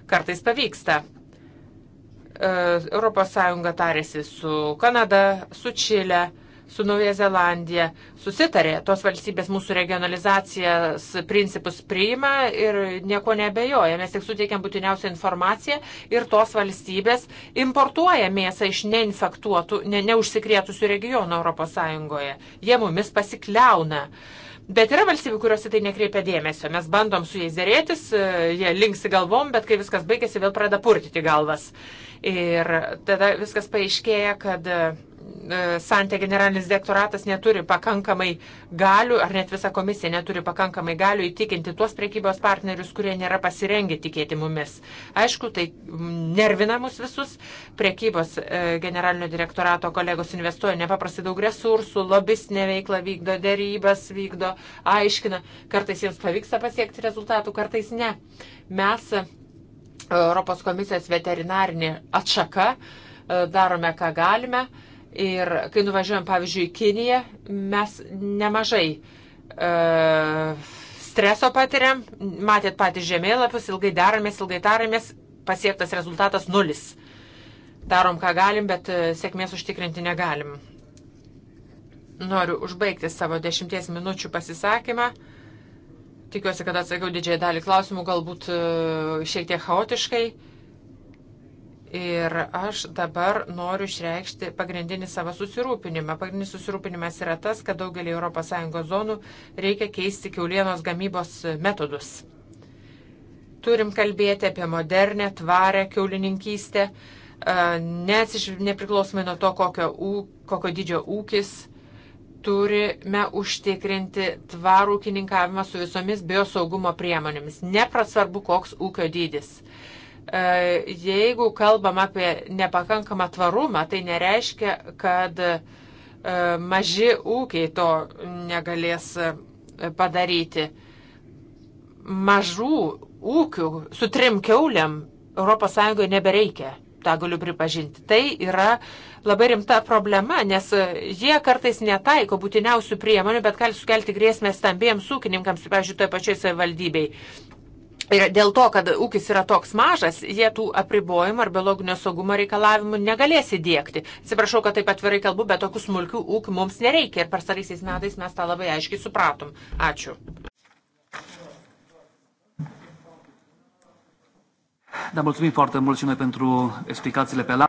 Kartais pavyksta. ES tarėsi su Kanada, su Čile, su Nauja Zelandija, susitarė, tos valstybės mūsų regionalizacijas principus priima ir nieko nebejoja. Mes tik suteikiam būtiniausią informaciją ir tos valstybės importuoja mėsą iš neinfektuotų, ne, neužsikrėtusių regionų ES. Jie mumis pasikliauna. Uh, Bet yra valstybių, kuriuose tai nekreipia dėmesio. Mes bandom su jais dėrėtis, e, jie linksi galvom, bet kai viskas baigėsi, vėl pradeda purtyti galvas. Ir tada viskas paaiškėja, kad e, E, santė generalinis direktoratas neturi pakankamai galių, ar net visa komisija neturi pakankamai galių įtikinti tuos priekybos partnerius, kurie nėra pasirengę tikėti mumis. Aišku, tai nervina mus visus. Priekybos e, generalinio direktorato kolegos investuoja nepaprastai daug resursų, lobistinė veikla vykdo, dėrybas vykdo, aiškina. Kartais jiems pavyksta pasiekti rezultatų, kartais ne. Mes, e, Europos komisijos veterinarinė atšaka, darome, ką galime Ir kai nuvažiuojam, pavyzdžiui, į Kiniją, mes nemažai uh, streso patiriam, matėt patys žemėlapius, ilgai deramės, ilgai taramės, pasiektas rezultatas nulis. Darom, ką galim, bet e, sėkmės užtikrinti negalim. Noriu užbaigti savo dešimties minučių pasisakymą. Tikiuosi, kad atsakiau didžiąją dalį klausimų, galbūt e, šiek tiek chaotiškai. Uh, Ir aš dabar noriu išreikšti pagrindinį savo susirūpinimą. Pagrindinis susirūpinimas yra tas, kad daugelį ES zonų reikia keisti kiaulienos gamybos metodus. Turim kalbėti apie modernę, tvarę kiaulininkystę, nesiš, nepriklausomai nuo to, kokio, ū, kokio dydžio ūkis. Turime užtikrinti tvarų ūkininkavimą su visomis biosaugumo priemonėmis, neprasvarbu koks ūkio dydis. Uh, E, jeigu kalbam apie nepakankamą tvarumą, tai nereiškia, kad e, maži ūkiai to negalės e, padaryti. Mažų ūkių su trim keuliam ES nebereikia tą galiu pripažinti. Tai yra labai rimta problema, nes jie kartais netaiko būtiniausių priemonių, bet gali sukelti grėsmę stambiems ūkininkams, pavyzdžiui, toje pačioje savivaldybei. Ir dėl to, kad ūkis yra toks mažas, jie tų apribojimų ar biologinio saugumo reikalavimų negalės įdėkti. Atsiprašau, kad taip atvirai kalbu, bet tokių smulkių ūkių mums nereikia ir pasaraisiais metais mes tą labai aiškiai supratom. Ačiū. Da, mulțumim foarte mult și noi pentru explicațiile pe la.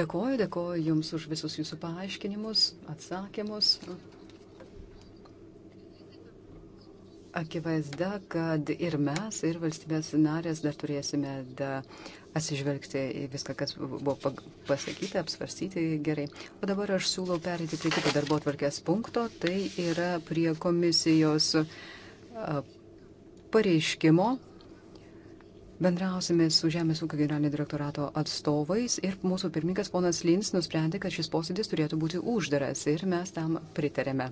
Dėkoju, dėkoju Jums už visus Jūsų paaiškinimus, atsakymus. akivaizda, kad ir mes, ir valstybės narės dar turėsime da, atsižvelgti į viską, kas buvo pasakyta, apsvarstyti gerai. O dabar aš siūlau perėti prie kito darbo tvarkės punkto, tai yra prie komisijos pareiškimo. Bendrausime su Žemės ūkio generalinio direktorato atstovais ir mūsų pirmininkas ponas Lins nusprendė, kad šis posėdis turėtų būti uždaras ir mes tam pritarėme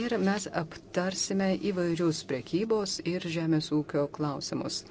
ir mes aptarsime įvairius prekybos ir žemės ūkio klausimus.